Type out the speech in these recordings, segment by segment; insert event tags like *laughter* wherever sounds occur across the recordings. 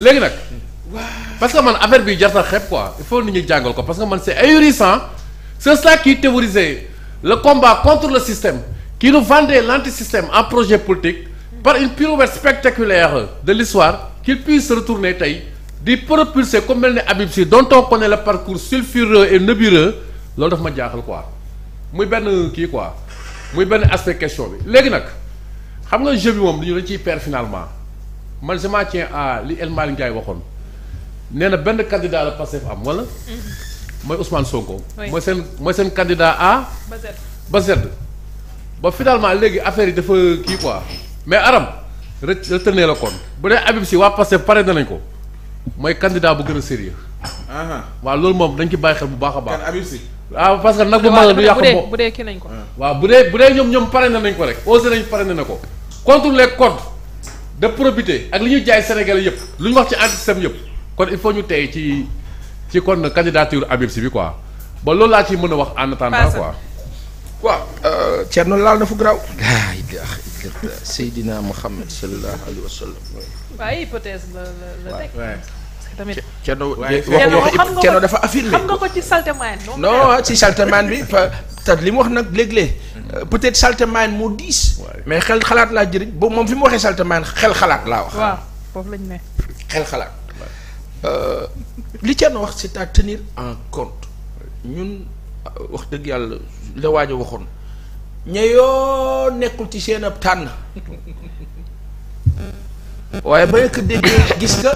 léegi nag parce que man affaire bi jar na xeeb quoi il faut nit ñi jàngal ko parce que man c'est ahurissant c'est ça qui théorisait le combat contre le système qui nous vendait l'antisystème en projet politique par une pirouette spectaculaire de l'histoire qu'il puisse retourner tey di propulser comme mel ni Habib Sy dont on connaît le parcours sulfureux et nébuleux loolu daf ma jaaxal quoi muy benn kii quoi muy benn aspect question bi léegi nag xam nga jeu bi moom li ñu man je m'en à li El Malick Ndiaye waxoon nee na benn candidat la Pastef am wala. mooy Ousmane Sonko. mooy seen mooy seen candidat A. ba Z ba Z. ba finalement léegi affaire yi dafa kii quoi mais Aram rë retenir la kon bu dee Habib Sy waa Pastef pare danañ ko mooy candidat bu gën a sérieux. waaw loolu moom dañ ci bàyyi xel bu baax a baax. kan Habib Sy. waaw parce que nag bu mag la du yàq moom bu ko. waaw bu dee bu dee ñoom ñoom pare nañ ko rek osé nañ pare na ko contre les de probité ak li ñu jaay Sénégal yëpp lu ñu wax ci sem yëpp kon il faut ñu tey ci ci kon candidature Habib Sy bi quoi ba loolu laa ci mën a wax en attendant quoi. waaw euh, Thierno laal na fu garaaw. ah Ibrahima Seydina Mohamed sallallahu alayhi wa sallam. waaw hypothèse la la la teg. tamit Thierno dafa affirmé. xam nga ci saltemaan. non ci saltemaan bi te li mu wax nag léeg Euh, peut-être saltemain moo diis. mais xel xalaat laa jëriñ boobu moom fi mu waxee saltemain xel xalaat laa wax. foofu lañ ne. xel xalaat. Euh, li Thierno wax c'est à tenir en compte ñun euh, wax dëgg yàlla la waaj waxoon ña yoo nekkul ci seen ab tànn waaye ba nga ko déggee gis nga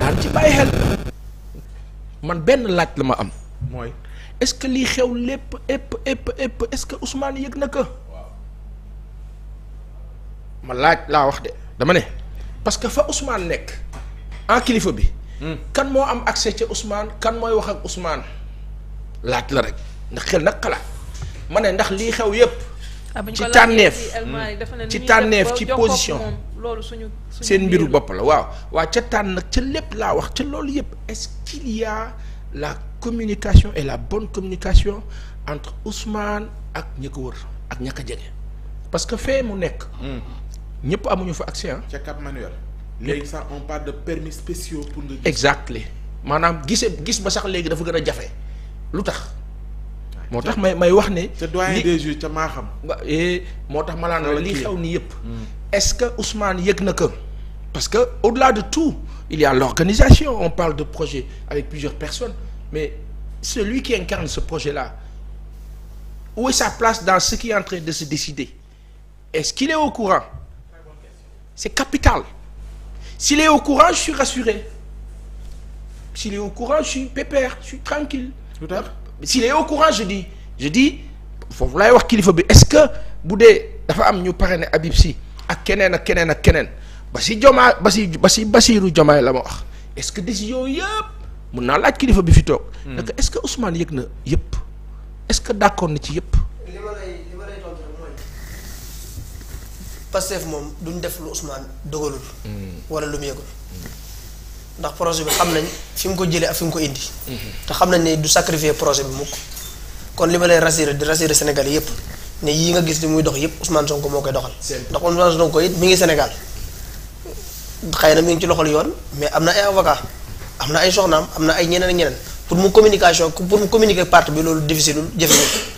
daan ci bàyyi xel man benn laaj la ma am mooy. est-ce que lii xew lépp épp épp épp est-ce que Ousmane yëg na ko ma laaj laa wax de dama ne parce que fa Ousmane nekk en kilifa bi. Hmm. kan moo am accès ca Ousmane kan mooy wax ak Ousmane laaj la rek ndax xel nag xalaat ma ne ndax lii xew yëpp. Ah, ci tànneef ci tànneef ci position loolu suñu seen mbiru bopp la waaw waaw ca tànn nag ca lépp laa wax ca loolu yëpp est-ce la communication et la bonne communication entre Ousmane ak ñi ko wër ak ña ko jege parce que fee mu nekk. Hmm. ñëpp amuñu fa accès ah. ca Cap léegi sax on parle de permis spéciaux pour nga. exactement maanaam gisee gis ba sax léegi dafa gën a jafe lu tax. Ah, moo tax may may wax ne. ca ca maa eh, moo tax ma naan la li xew nii yëpp. Hmm. est-ce que Ousmane yëg na ko. parce que au-delà de tout il y a l'organisation on parle de projet avec plusieurs personnes mais celui qui incarne ce projet-là où est sa place dans ce qui est en train de se décider est-ce qu'il est au courant c'est capital s'il est au courant je suis rassuré s'il est au courant je suis tranquille s'il est au courant je dis je dis foofu laay wax kilifa bi est-ce que bu dee dafa am ñu parrainé Habib Sy ak keneen ak keneen ak keneen ba si jomaa ba si ba si Basiiru Jomaay la ma wax est-ce que décision yëpp mun naa laaj kilifa bi fi toog. Hmm. naka est-ce que Ousmane yëg na yëpp est-ce que d'accord na ci yëpp. li ma moom duñ def lu Ousmane dogalul. Hmm. lu mu yëgul. ndax projet nañ fi mu ko jëlee mu ko indi. Hmm. te xam nañ ne du sacrifier projet bi mukk kon li ma lay rassurer di rassurer Sénégal yëpp ne yii nga gis li muy dox yëpp Ousmane Sonko moo koy doxal. ndax Ousmane Sonko it mi ngi Sénégal. xëy na mu ngi ci loxol yoon mais am na ay avocat am na ay soxnaam am na ay ñeneen ak ñeneen pour mu communication pour mu communiquer parti bi loolu difficile jafe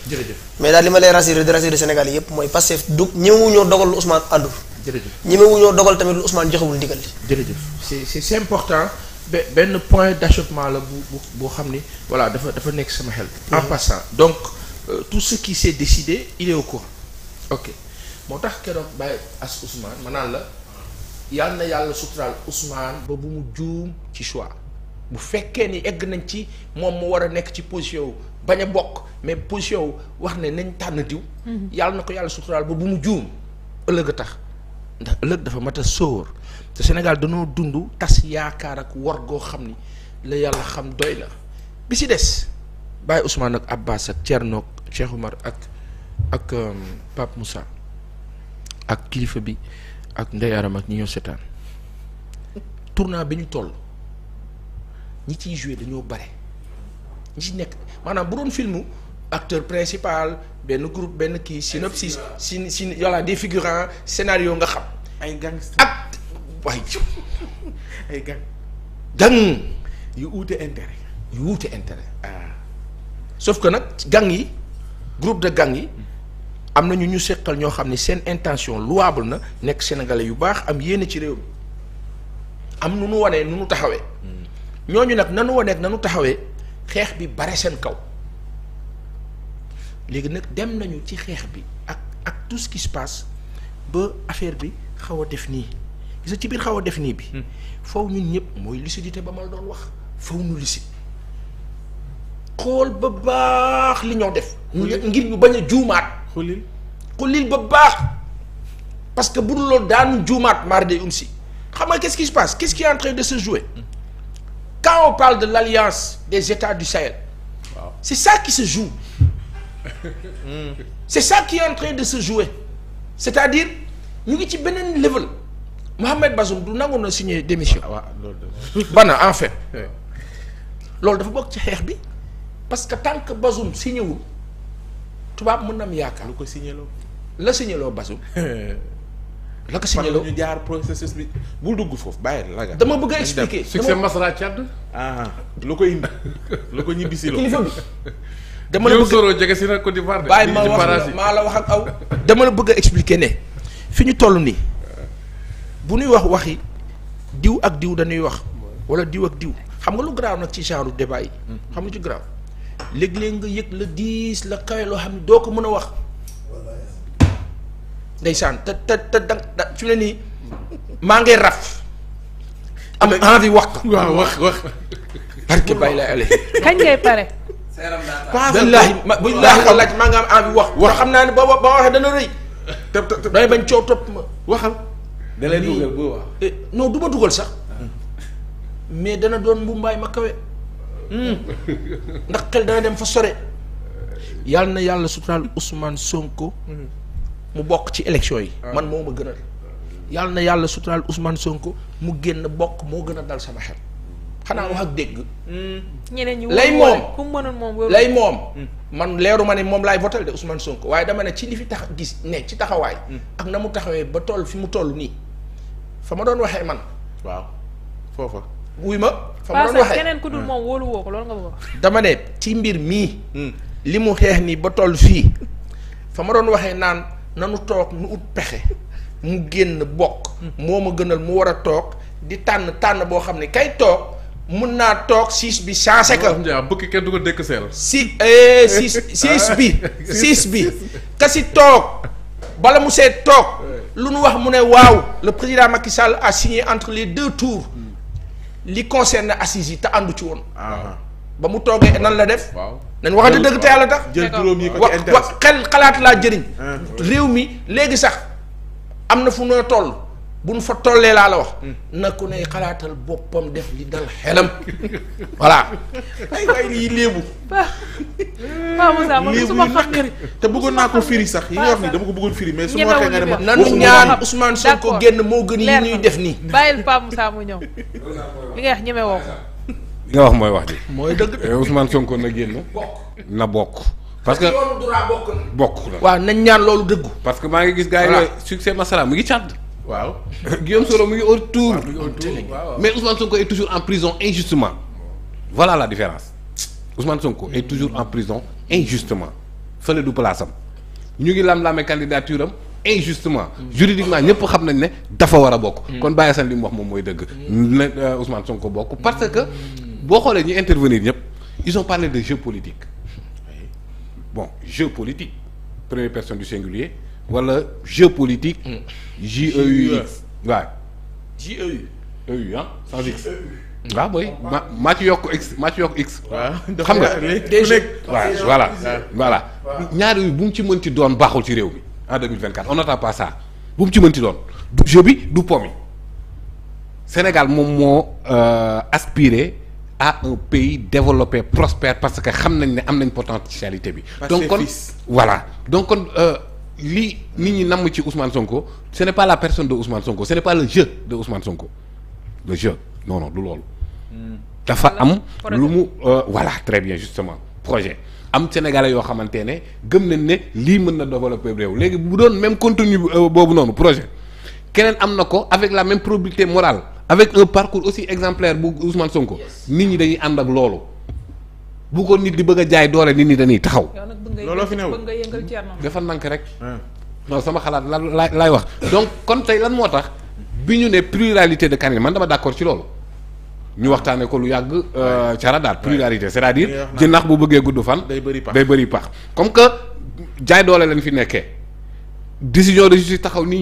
jërëjëf mais daal li ma lay rassurer di rassurer Sénégal yi yëpp mooy Pastef du ñemewuñoo dogal lu Ousmane àndul jërëjëf ñemewuñoo dogal tamit lu Ousmane joxewul ndigal li jërëjëf c'est c'est important benn point d'achoppement la bu boo xam ni voilà dafa dafa nekk sama xel en mhm. passant donc euh, tout ce qui s'est décidé il est au moo tax keroog Baye Ass ma naan la yal na yàlla suturaal Ousmane ba bu mu juum ci choix bu fekkee ni egg nañ ci moom mu war a nekk ci position wu bañ a bokk mais position wu wax ne nañ tànn diw mhm. yàlla na ko yàlla suturaal ba bu mu juum ëllëg a tax ndax ëllëg dafa mat a sóor te Sénégal dañoo dund tas yaakaar ak war goo xam ni la yàlla xam doy na bi si des bàyyi Ousmane ak Abbas ak Thierno ak Cheikh ak ak euh, Pape Moussa ak kilifa bi ak Ndeye Arama ak ñi ñoo seetaan tournant bi ñu toll ñi ciy joué dañoo bare ñi ci nekk maanaam bu doon filmu acteur principal benn groupe benn kii synopsis sin sin voilà des figurants scénario nga xam. ay gangster ak *laughs* ay gang gang yu uute intérêt. yu uute intérêt. ah sauf que nag gang yi groupe de gang yi. Mm. am na ñu ñu seqal ñoo xam ne seen intention louable na nekk sénégalais yu baax am yéene ci réew mi am nu nu wanee nu nu taxawee hmm. ñooñu nag nanu wanee nanu taxawee xeex bi bare seen kaw léegi nag dem nañu ci xeex bi ak ak tout ce qui ba affaire bi xaw a def nii gis ci biir xaw a def nii bi hmm. faw ñun ñëpp mooy lucidité ba ma doon wax faw ñu lucide xool ba baax li ñoo def hmm. ngir ñu bañ a juumaat xulil xulil ba baax parce que bu dul loolu daanu juumaat maar day um si xam nga quest qui se passe qu'est-ce qui est en de se jouer quand on parle de l'alliance des États du Sahel c'est ça qui se joue *laughs* c'est ça qui est de se jouer c'est-à-dire ñu ngi ci beneen level Mohamed Bazoum du nangu na signer démission ah, *laughs* bana en fait loolu dafa bokk ci xeex bi parce que tant que Bazoum signé wul tubaab mën na mu yaakaar. lu ko signaloo. la signaloo Basou. *laughs* la ko signaloo ñu jaar bul dugg foofu bàyyi la dama bëgg a expliquer succès Masra Thiad. Ah, lu ko indi lu ko ñibbisi loo dama la bëgg a si na Côte d'Ivoire bàyyi ma wax maa la wax ak aw. dama bëgg a expliquer ne fi ñu toll nii bu ñuy wax waxi diw ak diw dañuy wax wala diw ak diw xam nga lu garaaw nag ci genre débat yi. Hmm. xam nga ci garaaw. léegi léeg nga yëg la diis la kawe loo xam ne doo ko mën a wax ndeysaan te te te da fi ne nii maa wax ko wax wax barke bàyyi lay ale xam naa ne ba ba dana rëy te te damay bañ coow topp wax eh, non du ma dugal sax mais dana doon mbumbaay ma kawe *laughs* ndax xel dana dem fa sore yàlla na yàlla suturaal usman Sonko mu bokk ci election yi ah. man moo ma gënal yàlla na yàlla suturaal Ousmane Sonko mu génn bokk moo gën a dal sama xel xanaa ma ak dégg hmm. lay moom lay moom man leeru ma ne moom laay votel de Ousmane Sonko waaye dama ne ci li fi tax gis ne ci taxawaay hmm. ak na mu taxawee ba toll fi mu toll nii fa ma doon waxee man waaw foofa wuy ma. fa ma doon waxee keneen ku dul hmm. woo ko loolu nga bëgg dama ne ci mbir mii. Hmm. li mu xeex nii ba toll fii fa ma doon waxee naan nanu toog nu ut pexe mu génn bokk. Hmm. moo ma gënal mu war a toog di tànn tànn boo xam ne kay toog. mun naa toog siis bi changé ka bëkk kenn du ko dëkk eh, *laughs* *laughs* si siis siis bi siis bi kasi toog bala mu seet toog lu nu wax mu ne waaw le président Macky Sall a signé entre les deux tours li concerne assises yi te àndu ci woon. Ah. ba mu toogee nan la def. waaw nañ waxati dëgg te yàlla tax. jël juróom yi ko ci intérêt wax xel xalaat laa jëriñ. Ah, réew mi léegi sax am na fu ñu toll. bu buñ fa tollee laa la wax hmm. na ku ne xalaatal boppam def li dal xelam voilà ay lii léebu léebu naqari te bëggoon naa ko sax yi nga wax dama ko bëggoon firi mais su ma ma nanu ñaan Ousmane génn moo gën yi def nii bàyyil Pa Moussa mu ñëw li nga wax mooy wax mooy dëgg eh, Ousmane Sonko na génn na bokk parce que bokk na waaw ñaan loolu dëggu parce que maa ngi gis gars yi succès masala mu ngi càdd waaw *laughs* Guillaume Soro mu ngi autour mais Ousmane Sonko est toujours en prison injustement voilà la différence Ousmane Sonko est toujours en prison injustement fële du place am ñu ngi lam-laame candidature am injustement juridiquement ñëpp xam nañ ne dafa war a bokk kon Baye Assane li mu wax moom mooy dëgg na euh, Ousmane Sonko bokk parce que boo xoolee ñu intervenir ñëpp ils ont parlé de jeu politique bon jeu politique première personne du singulier wala jeu politique. JEUX waaw. JEU. EU ah sans X. E ah, ma maa ci yokk X maa ci yokk X. *laughs* xam nga léegi *laughs* voilà voilà. ñaar yooyu bu mu ci mënti doon baaxul ci réew mi en 2024 on n'attend pas ça bu mu ci mënti doon du bi du po Sénégal moom moo euh, aspiré. à un pays développé prospère parce que xam nañ ne am nañ potentialité bi. donc kon voilà donc kon. Euh, li nit ñi namm ci Ousmane Sonko ce n'est pas la personne de Ousmane Sonko ce n'est pas le jeu de Ousmane Sonko le jeu non non loolu. Hmm. dafa am lu mu euh, voilà très bien justement projet am sénégalais yoo xamante ne gëm nañ ne lii mën na développer réew léegi bu doon même continue euh, boobu noonu projet keneen am na ko avec la même probité morale avec un parcours aussi exemplaire bu Ousmane Sonko nit ñi dañuy ànd ak loolu. bu ko nit di bëgg a jaay doole nit ñi dañuy taxaw. looloo fi newul dafa nank rek. non sama xalaat la laay laay wax donc kon tey lan moo tax bi ñu ne pluralité de candidat man dama d'accord ci loolu. ñu waxtaanee ko lu yàgg euh, cara daal pluralité c'est-à-dire jënnax bu bëggee gudd fan. day bëri pax day bëri pax comme que jaay doole lañ fi nekkee décision de taxaw nii.